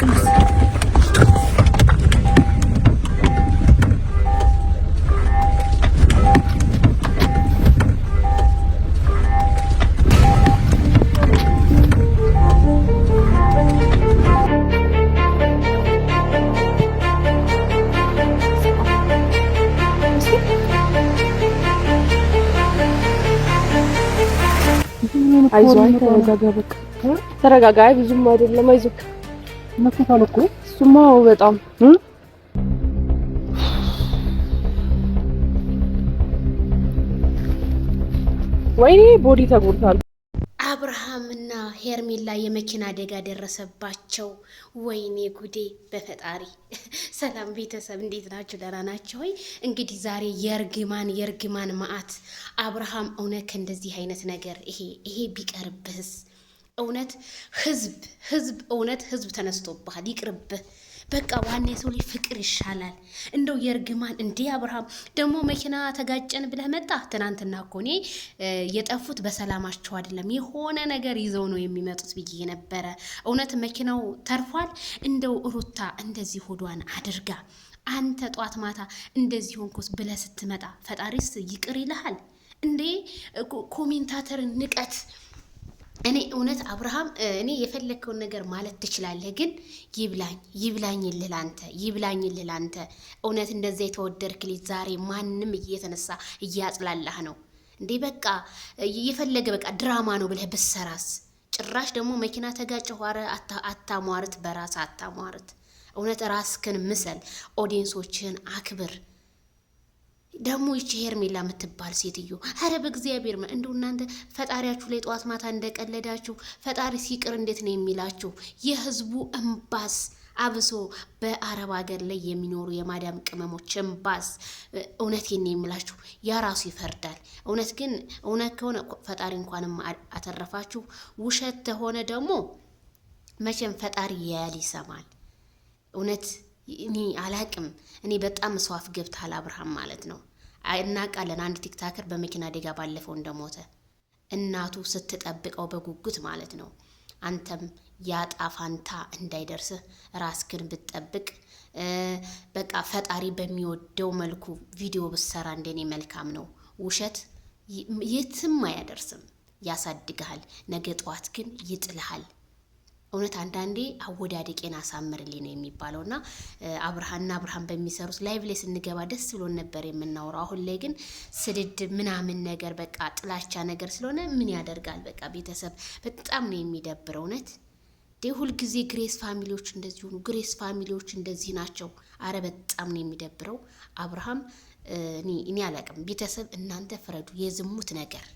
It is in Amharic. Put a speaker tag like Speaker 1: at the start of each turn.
Speaker 1: Ai
Speaker 2: Ay, zaten gagaya bak. Sana gagaya mais madalya መከታል እኮ እሱማ በጣም ወይኔ ቦዲ አብርሃምና ሄርሜላ የመኪና አደጋ ደረሰባቸው። ወይኔ ጉዴ በፈጣሪ። ሰላም ቤተሰብ እንዴት ናቸው ደህና ወይ? እንግዲህ ዛሬ የእርግማን የእርግማን መዓት አብርሃም እውነት ከእንደዚህ አይነት ነገር ይሄ ይሄ ቢቀርብህስ እውነት ህዝብ ህዝብ እውነት ህዝብ ተነስቶብሃል፣ ይቅርብህ። በቃ ዋና የሰው ልጅ ፍቅር ይሻላል። እንደው የእርግማን እንዲህ አብርሃም ደግሞ መኪና ተጋጨን ብለህ መጣ። ትናንትና እኮ እኔ የጠፉት በሰላማቸው አይደለም የሆነ ነገር ይዘው ነው የሚመጡት ብዬ ነበረ። እውነት መኪናው ተርፏል። እንደው ሩታ እንደዚህ ሆዷን አድርጋ አንተ ጧት ማታ እንደዚህ ሆንኩስ ብለህ ስትመጣ ፈጣሪስ ይቅር ይልሃል እንዴ? ኮሜንታተር ንቀት እኔ እውነት አብርሃም እኔ የፈለግከውን ነገር ማለት ትችላለህ፣ ግን ይብላኝ ይብላኝ ልል አንተ ይብላኝ ልል አንተ እውነት እንደዛ የተወደድክ ልጅ ዛሬ ማንም እየተነሳ እያጽላላህ ነው እንዴ? በቃ የፈለገ በቃ ድራማ ነው ብለህ ብሰራስ? ጭራሽ ደግሞ መኪና ተጋጨሁ። ኧረ አታሟርት፣ በራስ አታሟርት። እውነት ራስክን ምሰል፣ ኦዲየንሶችህን አክብር። ደግሞ ይቺ ሄርሜላ የምትባል ሴትዮ ኧረ በእግዚአብሔር እንደው እናንተ ፈጣሪያችሁ ላይ ጠዋት ማታ እንደቀለዳችሁ ፈጣሪ ሲቅር እንዴት ነው የሚላችሁ? የህዝቡ እምባስ አብሶ በአረብ ሀገር ላይ የሚኖሩ የማዳም ቅመሞች እምባስ እውነቴን ነው የሚላችሁ፣ ያ ራሱ ይፈርዳል። እውነት ግን እውነት ከሆነ ፈጣሪ እንኳንም አተረፋችሁ። ውሸት ተሆነ ደግሞ መቼም ፈጣሪ ያያል ይሰማል። እውነት እኔ አላቅም። እኔ በጣም ሰዋፍ ገብታል አብርሃም ማለት ነው። እናውቃለን። አንድ ቲክታከር በመኪና አደጋ ባለፈው እንደሞተ እናቱ ስትጠብቀው በጉጉት ማለት ነው። አንተም ያጣፋንታ እንዳይደርስህ ራስክን ብትጠብቅ በቃ ፈጣሪ በሚወደው መልኩ ቪዲዮ ብትሰራ እንደኔ መልካም ነው። ውሸት የትም አያደርስም፣ ያሳድግሃል። ነገ ጠዋት ግን ይጥልሃል። እውነት አንዳንዴ አወዳደቄን አሳምርልኝ ነው የሚባለው። ና አብርሃና አብርሃን በሚሰሩት ላይቭ ላይ ስንገባ ደስ ብሎን ነበር የምናወራው። አሁን ላይ ግን ስድድ ምናምን ነገር በቃ ጥላቻ ነገር ስለሆነ ምን ያደርጋል። በቃ ቤተሰብ በጣም ነው የሚደብር እውነት ዴ ሁልጊዜ ግሬስ ፋሚሊዎች እንደዚህ ሆኑ፣ ግሬስ ፋሚሊዎች እንደዚህ ናቸው። አረ በጣም ነው የሚደብረው። አብርሃም እኔ አላቅም። ቤተሰብ እናንተ ፍረዱ። የዝሙት ነገር